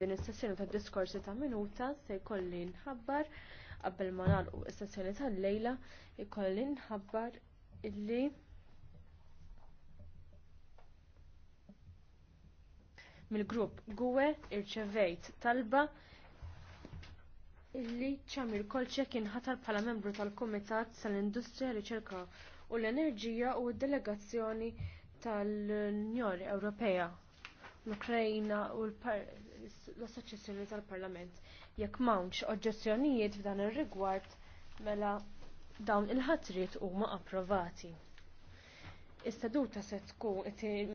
Din is-sessjoni ta' diskorsi ta' minuta se jkolli nħabbar qabel ma nagħlqu is-sessjoni tal-lejla jkolli nħabbar illi mill-grupp Gwe irċevejt talba illi ċamir kolċek inħatar bħala membru tal-Kumitat tal-Industrija, Riċerka u l-Enerġija u d-Delegazzjoni tal-Unjoni Ewropea l-Ukrajna u l-Assoċjazzjoni tal-Parlament. Jekk m'hawnx oġġezzjonijiet f'dan ir-rigward mela dawn il-ħatriet huma approvati. Is-seduta se tkun